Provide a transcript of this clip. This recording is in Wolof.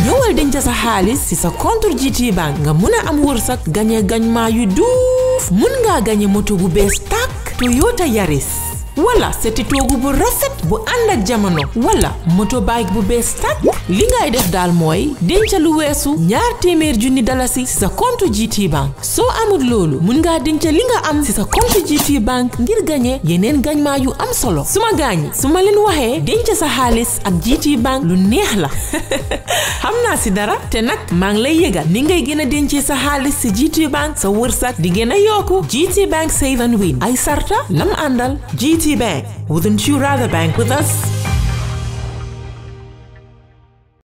ñëwal denc sa xaalis ci sa compte GT Bank nga mun a am wërsëg gañe gañmaa yu duuf mun ngaa gañe moto bu bees tàkk Toyota Yaris wala seti toogu bu rafet bu ànd ak jamono moto motobike bu bees tàkk li ngay def daal mooy denca lu weesu ñaar téeméer junni dalasi ci sa compte GT Bank soo amul loolu mun ngaa denca li nga am ci sa compte GT Bank ngir gañe yeneen gañmaa am solo su ma gaañi su ma leen waxee denca sa xaalis ak GT Bank lu neex la xam naa si dara te nag maa ngi lay yëgal ni ngay gën a dencee sa xaalis ci GT Bank sa wërsat di gën a yokku GT Bank Save ay sarta lam Citibank. Wouldn't you rather bank with us?